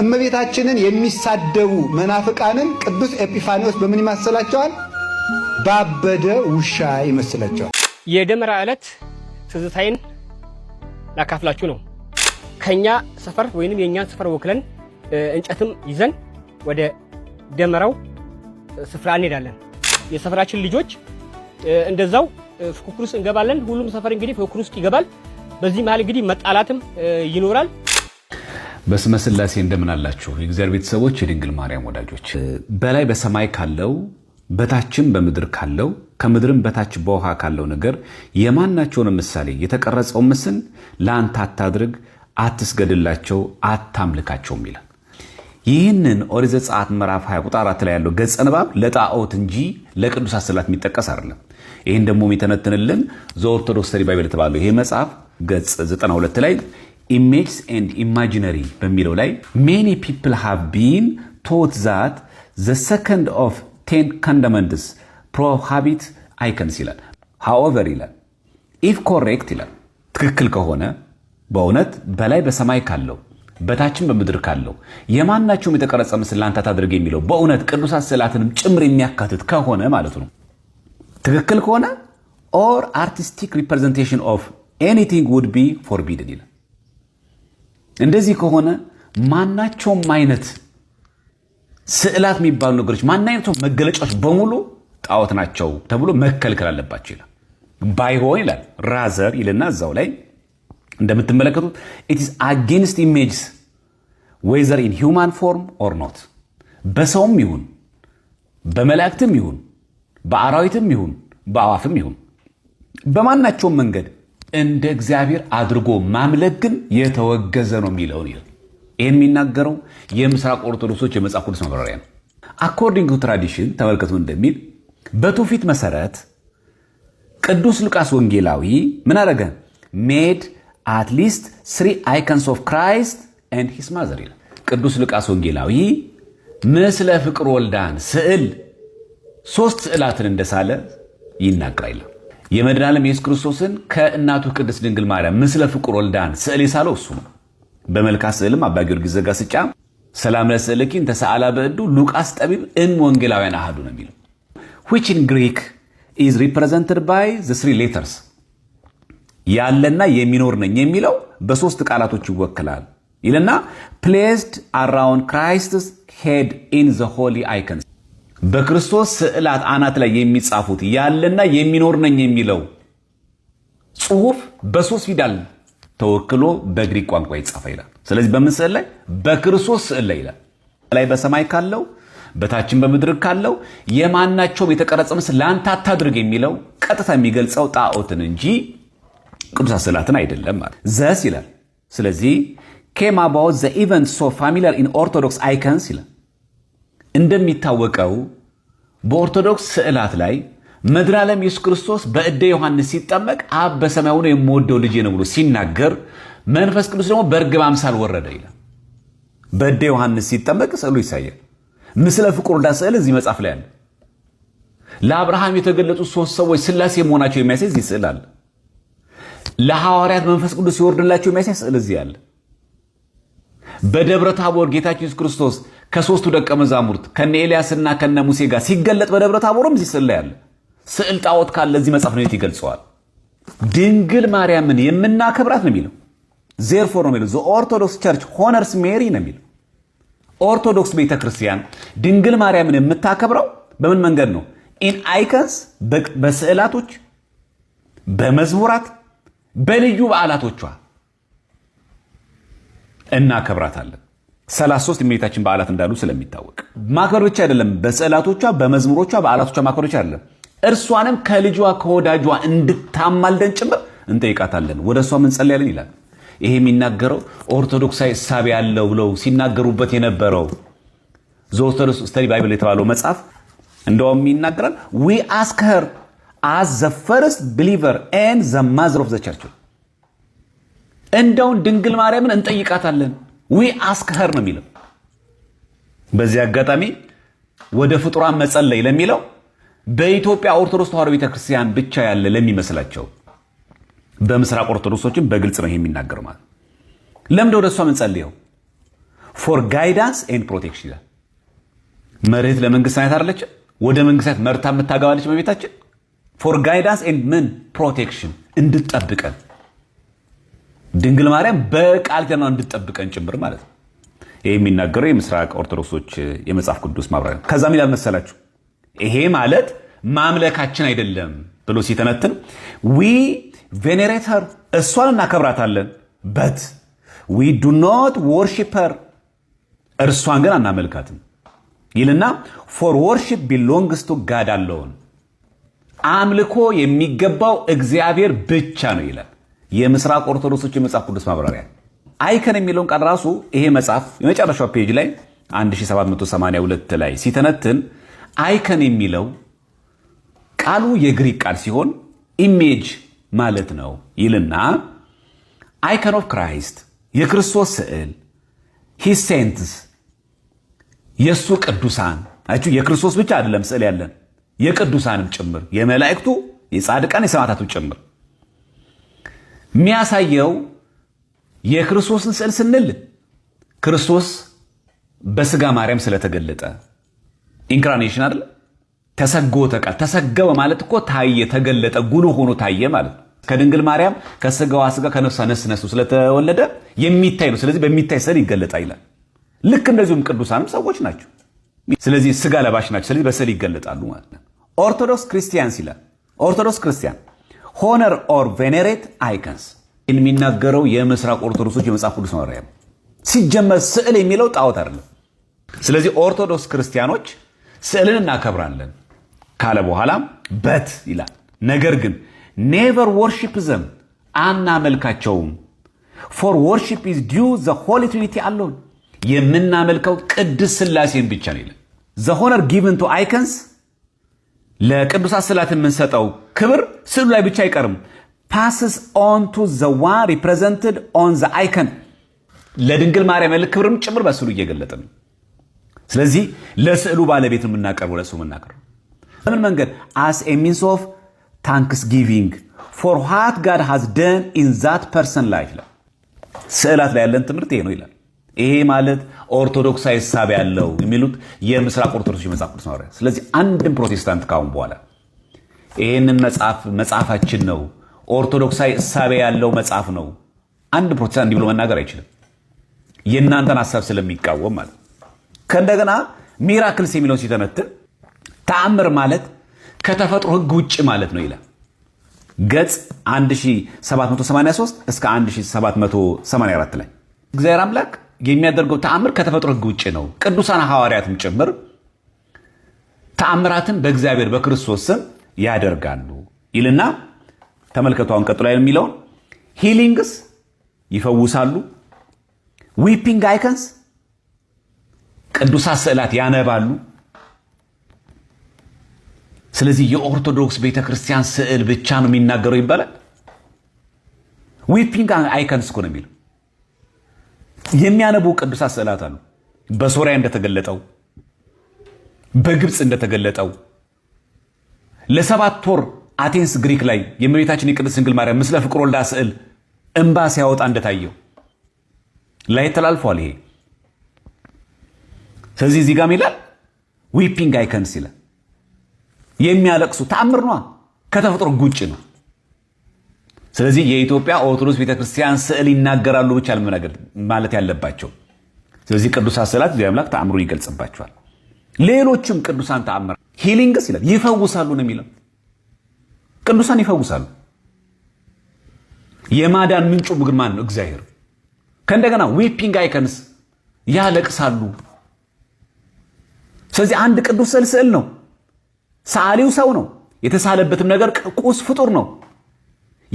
እመቤታችንን የሚሳደቡ መናፍቃንን ቅዱስ ኤጲፋኒዎስ በምን ይመስላቸዋል? ባበደ ውሻ ይመስላቸዋል። የደመራ ዕለት ትዝታይን ላካፍላችሁ ነው። ከኛ ሰፈር ወይንም የእኛን ሰፈር ወክለን እንጨትም ይዘን ወደ ደመራው ስፍራ እንሄዳለን። የሰፈራችን ልጆች እንደዛው ፉክክር ውስጥ እንገባለን። ሁሉም ሰፈር እንግዲህ ፉክክር ውስጥ ይገባል። በዚህ መሀል እንግዲህ መጣላትም ይኖራል። በስመ ሥላሴ እንደምን አላችሁ የእግዚአብሔር ቤተሰቦች፣ የድንግል ማርያም ወዳጆች። በላይ በሰማይ ካለው በታችም በምድር ካለው ከምድርም በታች በውሃ ካለው ነገር የማናቸውን ምሳሌ የተቀረጸው ምስል ለአንተ አታድርግ፣ አትስገድላቸው፣ አታምልካቸውም ይላል። ይህንን ኦሪት ዘጸአት ምዕራፍ 20 ቁጥር 4 ላይ ያለው ገጸ ንባብ ለጣዖት እንጂ ለቅዱሳት ስዕላት የሚጠቀስ አይደለም። ይህን ደግሞ የሚተነትንልን ዘኦርቶዶክስ ተሪ ባይብል የተባለው ይህ መጽሐፍ ገጽ 92 ላይ ኢሜጅስ ኤንድ ኢማጂነሪ በሚለው ላይ ሜኒ ፒፕል ሃቭ ቢን ቶት ዛት ዘ ሰከንድ ኦፍ ቴን ከንደመንትስ ፕሮሃቢት አይከንስ ይላል። ሃኦቨር ይላል ኢፍ ኮሬክት ይላል ትክክል ከሆነ በእውነት በላይ በሰማይ ካለው በታችን በምድር ካለው የማናቸውም የተቀረጸ ምስል ለአንተ ታድርግ የሚለው በእውነት ቅዱሳት ስዕላትንም ጭምር የሚያካትት ከሆነ ማለት ነው። ትክክል ከሆነ ኦር አርቲስቲክ ሪፕሬዘንቴሽን ኦፍ ኤኒቲንግ ውድ ቢ ፎርቢድን ይላል። እንደዚህ ከሆነ ማናቸውም አይነት ስዕላት የሚባሉ ነገሮች ማናቸውም መገለጫዎች በሙሉ ጣዖት ናቸው ተብሎ መከልከል አለባቸው ይላል። ባይሆን ይላል ራዘር ይልና እዛው ላይ እንደምትመለከቱት ኢትስ አጌንስት ኢሜጅስ ወይዘር ኢን ሂውማን ፎርም ኦር ኖት በሰውም ይሁን በመላእክትም ይሁን በአራዊትም ይሁን በአዋፍም ይሁን በማናቸውም መንገድ እንደ እግዚአብሔር አድርጎ ማምለክ ግን የተወገዘ ነው የሚለውን ይል ይህን የሚናገረው የምስራቅ ኦርቶዶክሶች የመጽሐፍ ቅዱስ ማብራሪያ ነው። አኮርዲንግ ትራዲሽን ተመልከቱ እንደሚል በትውፊት መሰረት ቅዱስ ሉቃስ ወንጌላዊ ምን አደረገ? ሜድ አትሊስት ስሪ አይከንስ ኦፍ ክራይስት ኤንድ ሂስ ማዘር ይላል። ቅዱስ ሉቃስ ወንጌላዊ ምስለ ፍቅር ወልዳን ስዕል ሶስት ስዕላትን እንደሳለ ይናገራል። የመድኃኔዓለም ኢየሱስ ክርስቶስን ከእናቱ ቅድስት ድንግል ማርያም ምስለ ፍቁር ወልዳን ስዕል የሳለው እሱ ነው። በመልካ ስዕልም አባ ጊዮርጊስ ዘጋስጫ ሰላም ለስዕልኪን ተሰዓላ በእዱ ሉቃስ ጠቢብ እም ወንጌላውያን አህዱ ነው የሚለው ዊች ኢን ግሪክ ኢዝ ሪፕሬዘንትድ ባይ ዘ ስሪ ሌተርስ ያለና የሚኖር ነኝ የሚለው በሶስት ቃላቶች ይወክላል ይልና ፕሌስድ አራውንድ ክራይስትስ ሄድ ኢን ዘ ሆሊ አይከንስ በክርስቶስ ስዕላት አናት ላይ የሚጻፉት ያለና የሚኖር ነኝ የሚለው ጽሁፍ በሶስት ፊደል ተወክሎ በግሪክ ቋንቋ ይጻፈ ይላል። ስለዚህ በምን ስዕል ላይ? በክርስቶስ ስዕል ላይ ይላል። ላይ በሰማይ ካለው በታችን በምድር ካለው የማናቸውም የተቀረጸ ምስል ለአንተ አታድርግ የሚለው ቀጥታ የሚገልጸው ጣዖትን እንጂ ቅዱስ ስዕላትን አይደለም ማለት ዘስ ይላል። ስለዚህ ኬም አባውት ዘ ኢቨንት ሶ ፋሚሊር ኢን ኦርቶዶክስ አይከንስ ይላል እንደሚታወቀው በኦርቶዶክስ ስዕላት ላይ ምድር ዓለም ኢየሱስ ክርስቶስ በእደ ዮሐንስ ሲጠመቅ አብ በሰማይ ሆኖ የምወደው ልጄ ነው ብሎ ሲናገር መንፈስ ቅዱስ ደግሞ በእርግብ አምሳል ወረደ ይላል። በእደ ዮሐንስ ሲጠመቅ ስዕሉ ይሳያል። ምስለ ፍቁርና ስዕል እዚህ መጽሐፍ ላይ አለ። ለአብርሃም የተገለጹ ሶስት ሰዎች ስላሴ መሆናቸው የሚያሳይ እዚህ ስዕል አለ። ለሐዋርያት መንፈስ ቅዱስ ሲወርድላቸው የሚያሳይ ስዕል እዚህ አለ። በደብረ ታቦር ጌታችን ኢየሱስ ክርስቶስ ከሶስቱ ደቀ መዛሙርት ከነ ኤልያስና ከነ ሙሴ ጋር ሲገለጥ በደብረ ታቦርም ሲስላያለ ስዕል ጣዖት ካለ እዚህ መጽሐፍ ነው ይገልጸዋል። ድንግል ማርያምን የምናከብራት ነው የሚለው ዜርፎር ነው የሚለው ኦርቶዶክስ ቸርች ሆነርስ ሜሪ ነው የሚለው። ኦርቶዶክስ ቤተክርስቲያን ድንግል ማርያምን የምታከብረው በምን መንገድ ነው? ኢን አይከንስ በስዕላቶች በመዝሙራት በልዩ በዓላቶቿ እናከብራታለን። 33 የእመቤታችን በዓላት እንዳሉ ስለሚታወቅ ማክበር ብቻ አይደለም፣ በጸላቶቿ በመዝሙሮቿ በዓላቶቿ ማክበር ብቻ አይደለም፣ እርሷንም ከልጇ ከወዳጇ እንድታማልደን ጭምር እንጠይቃታለን፣ ወደ እሷ እንጸልያለን ይላል። ይሄ የሚናገረው ኦርቶዶክሳዊ እሳቤ ያለው ብለው ሲናገሩበት የነበረው ዘኦርቶዶክስ ስተዲ ባይብል የተባለው መጽሐፍ እንደውም ይናገራል ዊ አስክ ሄር አዝ ዘ ፈርስት ብሊቨር ኤንድ ዘ ማዝር ኦፍ ዘ ቸርች። እንደውን ድንግል ማርያምን እንጠይቃታለን ዊ አስክኸር ነው የሚለው። በዚህ አጋጣሚ ወደ ፍጡራን መጸለይ ለሚለው በኢትዮጵያ ኦርቶዶክስ ተዋሕዶ ቤተክርስቲያን ብቻ ያለ ለሚመስላቸው በምስራቅ ኦርቶዶክሶችን በግልጽ ነው የሚናገር ማለት ለምደ ወደ እሷ መጸልየው ፎር ጋይዳንስ ኤንድ ፕሮቴክሽን ይላል። መርህት ለመንግስት አይነት አለች። ወደ መንግስት መርታ የምታገባለች በቤታችን ፎር ጋይዳንስ ኤንድ ምን ፕሮቴክሽን እንድጠብቀን ድንግል ማርያም በቃል ገና እንድጠብቀን ጭምር ማለት ነው። ይህ የሚናገረው የምስራቅ ኦርቶዶክሶች የመጽሐፍ ቅዱስ ማብራሪያ ነው። ከዛ ሚላል መሰላችሁ ይሄ ማለት ማምለካችን አይደለም ብሎ ሲተነትን ዊ ቬኔሬተር እሷን እናከብራታለን በት ዊ ዱ ኖት ወርሺፐር እርሷን ግን አናመልካትም ይልና ፎር ወርሺፕ ቢሎንግስ ቱ ጋድ አለውን አምልኮ የሚገባው እግዚአብሔር ብቻ ነው ይላል። የምስራቅ ኦርቶዶክሶች የመጽሐፍ ቅዱስ ማብራሪያ አይከን የሚለውን ቃል ራሱ ይሄ መጽሐፍ የመጨረሻው ፔጅ ላይ 1782 ላይ ሲተነትን አይከን የሚለው ቃሉ የግሪክ ቃል ሲሆን ኢሜጅ ማለት ነው ይልና አይከን ኦፍ ክራይስት የክርስቶስ ስዕል ሂስ ሴንትስ የእሱ ቅዱሳን አይቹ የክርስቶስ ብቻ አይደለም ስዕል ያለን የቅዱሳንም ጭምር የመላእክቱ የጻድቃን የሰማዕታቱ ጭምር የሚያሳየው የክርስቶስን ስዕል ስንል ክርስቶስ በስጋ ማርያም ስለተገለጠ ኢንካርኔሽን አይደል? ተሰጎ ተቃል ተሰገበ ማለት እኮ ታየ፣ ተገለጠ፣ ጉልህ ሆኖ ታየ ማለት ነው። ከድንግል ማርያም ከስጋዋ ስጋ ከነፍሷ ነስ ነሱ ስለተወለደ የሚታይ ነው። ስለዚህ በሚታይ ስዕል ይገለጣ ይላል። ልክ እንደዚሁም ቅዱሳንም ሰዎች ናቸው። ስለዚህ ስጋ ለባሽ ናቸው። ስለዚህ በስዕል ይገለጣሉ ማለት ነው። ኦርቶዶክስ ክርስቲያንስ ይላል። ኦርቶዶክስ ክርስቲያን ሆነር ኦር ቬኔሬት አይከንስ የሚናገረው የምስራቅ ኦርቶዶክሶች የመጽሐፍ ቅዱስ መመሪያ ሲጀመር ስዕል የሚለው ጣዖት አይደለም። ስለዚህ ኦርቶዶክስ ክርስቲያኖች ስዕልን እናከብራለን ካለ በኋላም በት ይላል። ነገር ግን ኔቨር ወርሺፕ ዘም አናመልካቸውም። ፎር ወርሺፕ ኢዝ ዲዩ ዘ ሆሊ ትሪኒቲ የምናመልከው ቅድስት ስላሴን ብቻ ነው ይላል ዘ ሆነር ጊቨን ቱ አይከንስ ለቅዱሳት ስዕላት የምንሰጠው ክብር ስዕሉ ላይ ብቻ አይቀርም። ፓስስ ኦን ቱ ዘዋ ሪፕሬዘንትድ ኦን ዘ አይከን ለድንግል ማርያም ያለ ክብርም ጭምር በስዕሉ እየገለጠ ነው። ስለዚህ ለስዕሉ ባለቤት የምናቀርበው ለሱ የምናቀርበው በምን መንገድ አስ ኤ ሚንስ ኦፍ ታንክስ ጊቪንግ ፎር ዋት ጋድ ሃዝ ደን ኢን ዛት ፐርሰን ላይፍ ስዕላት ላይ ያለን ትምህርት ይሄ ነው ይላል። ይሄ ማለት ኦርቶዶክሳዊ እሳቤ ያለው የሚሉት የምስራቅ ኦርቶዶክስ መጽሐፍ ቅዱስ ነው። ስለዚህ አንድም ፕሮቴስታንት ካሁን በኋላ ይህንን መጽሐፍ መጽሐፋችን ነው ኦርቶዶክሳዊ እሳቤ ያለው መጽሐፍ ነው፣ አንድ ፕሮቴስታንት እንዲህ ብሎ መናገር አይችልም። የእናንተን ሀሳብ ስለሚቃወም ማለት ከእንደገና ሚራክልስ የሚለውን ሲተነትን ተአምር ማለት ከተፈጥሮ ሕግ ውጭ ማለት ነው ይላል። ገጽ 1783 እስከ 1784 ላይ እግዚአብሔር አምላክ የሚያደርገው ተአምር ከተፈጥሮ ሕግ ውጭ ነው። ቅዱሳን ሐዋርያትም ጭምር ተአምራትን በእግዚአብሔር በክርስቶስ ስም ያደርጋሉ ይልና ተመልከቱ። አሁን ቀጥሎ የሚለውን ሂሊንግስ ይፈውሳሉ፣ ዊፒንግ አይከንስ ቅዱሳት ስዕላት ያነባሉ። ስለዚህ የኦርቶዶክስ ቤተክርስቲያን ስዕል ብቻ ነው የሚናገረው ይባላል። ዊፒንግ አይከንስ እኮ ነው የሚለው የሚያነቡ ቅዱሳት ስዕላት አሉ። በሶሪያ እንደተገለጠው በግብፅ እንደተገለጠው ለሰባት ወር አቴንስ ግሪክ ላይ የእመቤታችን የቅድስት ድንግል ማርያም ምስለ ፍቅር ወልዳ ስዕል እንባ ሲያወጣ እንደታየው ላይ ተላልፏል። ይሄ ስለዚህ እዚህ ጋም ይላል ዊፒንግ አይከንስ ይላል የሚያለቅሱ ተአምር ነዋ ከተፈጥሮ ጉጭ ነው። ስለዚህ የኢትዮጵያ ኦርቶዶክስ ቤተክርስቲያን ስዕል ይናገራሉ ብቻ ማለት ያለባቸው። ስለዚህ ቅዱሳት ስዕላት አምላክ ተአምሮ ይገልጽባቸዋል። ሌሎችም ቅዱሳን ተአምር ሂሊንግስ ይላል ይፈውሳሉ ነው የሚለው። ቅዱሳን ይፈውሳሉ። የማዳን ምንጩ ምግር ማን ነው? እግዚአብሔር። ከእንደገና ዊፒንግ አይከንስ ያለቅሳሉ። ስለዚህ አንድ ቅዱስ ስዕል ስዕል ነው። ሰዓሊው ሰው ነው። የተሳለበትም ነገር ቁስ ፍጡር ነው።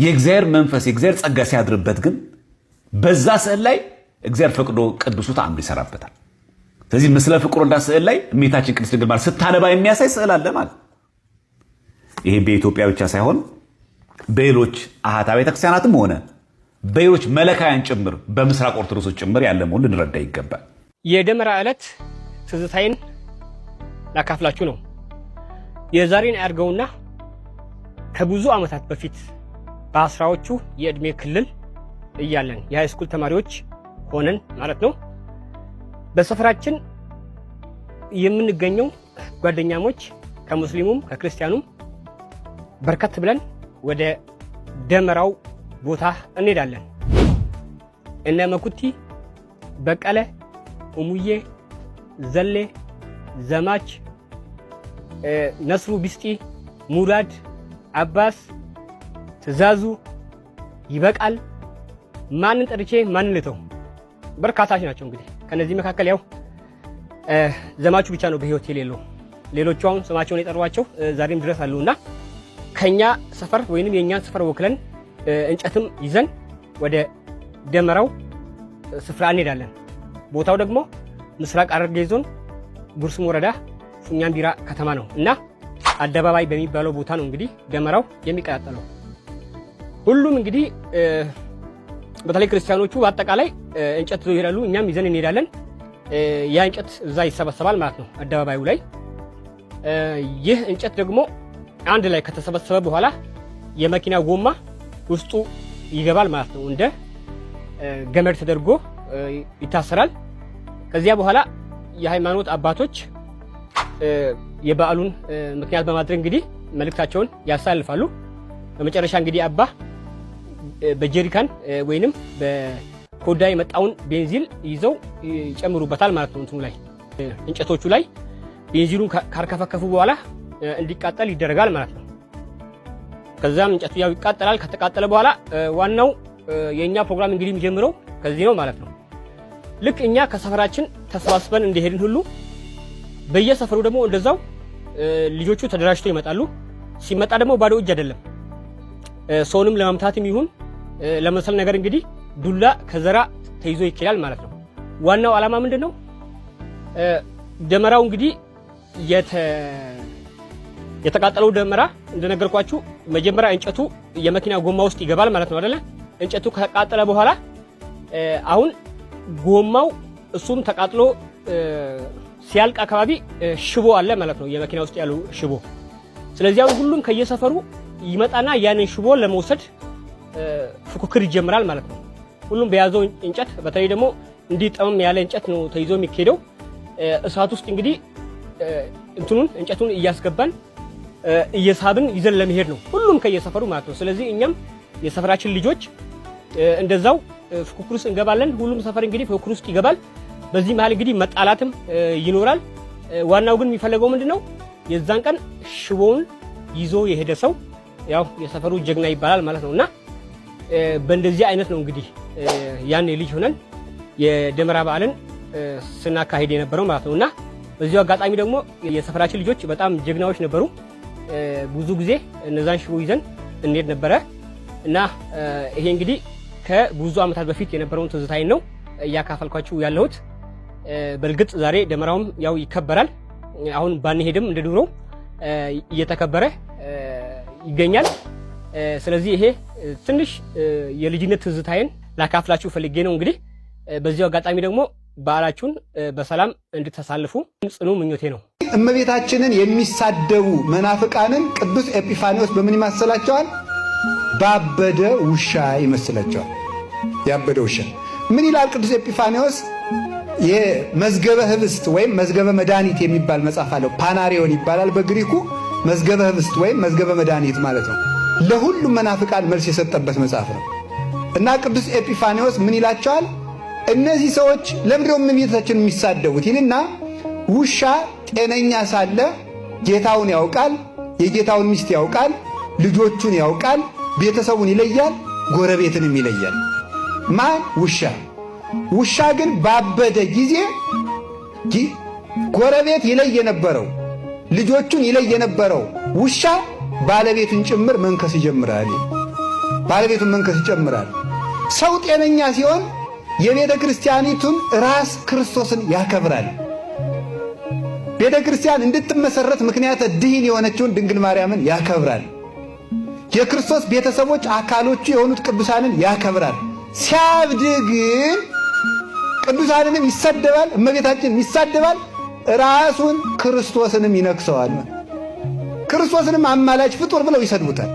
የእግዚአብሔር መንፈስ የእግዚአብሔር ጸጋ ሲያድርበት ግን በዛ ስዕል ላይ እግዚአብሔር ፈቅዶ ቅዱሱ ተአምር ይሰራበታል። ስለዚህ ምስለ ፍቁር እንዳ ስዕል ላይ እመቤታችን ቅድስት ድንግል ማርያም ስታነባ የሚያሳይ ስዕል አለ ማለት ይሄ በኢትዮጵያ ብቻ ሳይሆን በሌሎች አሃታ ቤተክርስቲያናትም ሆነ በሌሎች መለካያን ጭምር በምስራቅ ኦርቶዶክሶች ጭምር ያለ መሆን ልንረዳ ይገባል። የደመራ ዕለት ትዝታይን ላካፍላችሁ ነው። የዛሬን አያድርገውና ከብዙ ዓመታት በፊት በአስራዎቹ የእድሜ ክልል እያለን የሃይስኩል ተማሪዎች ሆነን ማለት ነው። በሰፈራችን የምንገኘው ጓደኛሞች ከሙስሊሙም ከክርስቲያኑም በርከት ብለን ወደ ደመራው ቦታ እንሄዳለን። እነ መኩቲ፣ በቀለ፣ ኡሙዬ፣ ዘሌ፣ ዘማች፣ ነስሩ፣ ቢስጢ፣ ሙራድ፣ አባስ ትእዛዙ ይበቃል። ማንን ጠርቼ ማንን ልተው? በርካታች ናቸው። እንግዲህ ከነዚህ መካከል ያው ዘማቹ ብቻ ነው በህይወት የሌለው። ሌሎቹ አሁን ስማቸውን የጠሯቸው ዛሬም ድረስ አሉና ከኛ ሰፈር ወይንም የእኛን ሰፈር ወክለን እንጨትም ይዘን ወደ ደመራው ስፍራ እንሄዳለን። ቦታው ደግሞ ምስራቅ ሐረርጌ ዞን ጉርሱም ወረዳ ቢራ ከተማ ነው እና አደባባይ በሚባለው ቦታ ነው እንግዲህ ደመራው የሚቀጣጠለው። ሁሉም እንግዲህ በተለይ ክርስቲያኖቹ በአጠቃላይ እንጨት ይዘው ይሄዳሉ። እኛም ይዘን እንሄዳለን። ያ እንጨት እዛ ይሰበሰባል ማለት ነው አደባባዩ ላይ። ይህ እንጨት ደግሞ አንድ ላይ ከተሰበሰበ በኋላ የመኪና ጎማ ውስጡ ይገባል ማለት ነው። እንደ ገመድ ተደርጎ ይታሰራል። ከዚያ በኋላ የሃይማኖት አባቶች የበዓሉን ምክንያት በማድረግ እንግዲህ መልእክታቸውን ያሳልፋሉ። በመጨረሻ እንግዲህ አባ በጀሪካን ወይንም በኮዳ የመጣውን ቤንዚል ይዘው ይጨምሩበታል ማለት ነው። እንትኑ ላይ እንጨቶቹ ላይ ቤንዚሉን ካርከፈከፉ በኋላ እንዲቃጠል ይደረጋል ማለት ነው። ከዛም እንጨቱ ያው ይቃጠላል። ከተቃጠለ በኋላ ዋናው የእኛ ፕሮግራም እንግዲህ የሚጀምረው ከዚህ ነው ማለት ነው። ልክ እኛ ከሰፈራችን ተሰባስበን እንደሄድን ሁሉ በየሰፈሩ ደግሞ እንደዛው ልጆቹ ተደራጅተው ይመጣሉ። ሲመጣ ደግሞ ባዶ እጅ አይደለም። ሰውንም ለመምታትም ይሁን ለመሰል ነገር እንግዲህ ዱላ ከዘራ ተይዞ ይኬዳል ማለት ነው። ዋናው ዓላማ ምንድን ነው? ደመራው እንግዲህ የተቃጠለው ደመራ እንደነገርኳችሁ መጀመሪያ እንጨቱ የመኪና ጎማ ውስጥ ይገባል ማለት ነው አይደለ? እንጨቱ ከቃጠለ በኋላ አሁን ጎማው እሱም ተቃጥሎ ሲያልቅ አካባቢ ሽቦ አለ ማለት ነው፣ የመኪና ውስጥ ያሉ ሽቦ። ስለዚህ አሁን ሁሉም ከየሰፈሩ ይመጣና ያንን ሽቦ ለመውሰድ ፉክክር ይጀምራል ማለት ነው። ሁሉም በያዘው እንጨት፣ በተለይ ደግሞ እንዲህ ጠመም ያለ እንጨት ነው ተይዞ የሚካሄደው። እሳት ውስጥ እንግዲህ እንትኑን እንጨቱን እያስገባን እየሳብን ይዘን ለመሄድ ነው ሁሉም ከየሰፈሩ ማለት ነው። ስለዚህ እኛም የሰፈራችን ልጆች እንደዛው ፉክክር ውስጥ እንገባለን። ሁሉም ሰፈር እንግዲህ ፉክክር ውስጥ ይገባል። በዚህ መሀል እንግዲህ መጣላትም ይኖራል። ዋናው ግን የሚፈለገው ምንድን ነው? የዛን ቀን ሽቦውን ይዞ የሄደ ሰው ያው የሰፈሩ ጀግና ይባላል ማለት ነው እና በእንደዚህ አይነት ነው እንግዲህ ያን ልጅ ሆነን የደመራ በዓልን ስናካሄድ የነበረው ማለት ነው እና በዚሁ አጋጣሚ ደግሞ የሰፈራችን ልጆች በጣም ጀግናዎች ነበሩ። ብዙ ጊዜ እነዛን ሽቦ ይዘን እንሄድ ነበረ እና ይሄ እንግዲህ ከብዙ ዓመታት በፊት የነበረውን ትዝታይን ነው እያካፈልኳችሁ ያለሁት። በእርግጥ ዛሬ ደመራውም ያው ይከበራል። አሁን ባንሄድም እንደ ድሮ እየተከበረ ይገኛል። ስለዚህ ይሄ ትንሽ የልጅነት ትዝታዬን ላካፍላችሁ ፈልጌ ነው። እንግዲህ በዚያው አጋጣሚ ደግሞ በዓላችሁን በሰላም እንድታሳልፉ ጽኑ ምኞቴ ነው። እመቤታችንን የሚሳደቡ መናፍቃንን ቅዱስ ኤጲፋኒዎስ በምን ይማሰላቸዋል? ባበደ ውሻ ይመስላቸዋል። ያበደ ውሻ ምን ይላል ቅዱስ ኤጲፋኒዎስ? መዝገበ ህብስት ወይም መዝገበ መድኃኒት የሚባል መጽሐፍ አለው። ፓናሪዮን ይባላል በግሪኩ። መዝገበ ህብስት ወይም መዝገበ መድኃኒት ማለት ነው። ለሁሉም መናፍቃን መልስ የሰጠበት መጽሐፍ ነው እና ቅዱስ ኤጲፋኒዎስ ምን ይላቸዋል? እነዚህ ሰዎች ለምድሮ ቤታችን የሚሳደቡት ይልና ውሻ ጤነኛ ሳለ ጌታውን ያውቃል፣ የጌታውን ሚስት ያውቃል፣ ልጆቹን ያውቃል፣ ቤተሰቡን ይለያል፣ ጎረቤትንም ይለያል። ማን ውሻ ውሻ ግን ባበደ ጊዜ ጎረቤት ይለይ የነበረው ልጆቹን ይለይ የነበረው ውሻ ባለቤቱን ጭምር መንከስ ይጀምራል። ባለቤቱን መንከስ ይጨምራል። ሰው ጤነኛ ሲሆን የቤተ ክርስቲያኒቱን ራስ ክርስቶስን ያከብራል። ቤተ ክርስቲያን እንድትመሰረት ምክንያት ድህን የሆነችውን ድንግል ማርያምን ያከብራል። የክርስቶስ ቤተሰቦች አካሎቹ የሆኑት ቅዱሳንን ያከብራል። ሲያብድ ግን ቅዱሳንንም ይሳደባል እመቤታችንም ይሳደባል፣ ራሱን ክርስቶስንም ይነክሰዋል። ክርስቶስንም አማላጅ ፍጡር ብለው ይሰድቡታል።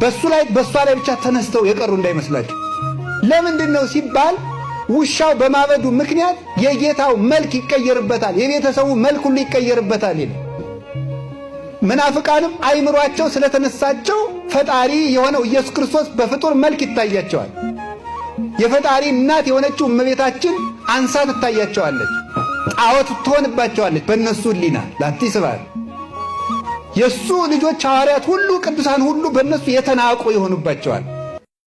በሱ ላይ በሷ ላይ ብቻ ተነስተው የቀሩ እንዳይመስላችሁ ለምንድን ነው ሲባል ውሻው በማበዱ ምክንያት የጌታው መልክ ይቀየርበታል፣ የቤተሰቡ መልክ ሁሉ ይቀየርበታል ይላል። ምናፍቃንም አይምሯቸው ስለተነሳቸው ፈጣሪ የሆነው ኢየሱስ ክርስቶስ በፍጡር መልክ ይታያቸዋል። የፈጣሪ እናት የሆነችው እመቤታችን አንሳ ትታያቸዋለች። ጣዖት ትሆንባቸዋለች በእነሱ ሊና ላቲ ስባል የእሱ ልጆች ሐዋርያት ሁሉ ቅዱሳን ሁሉ በእነሱ የተናቁ ይሆኑባቸዋል።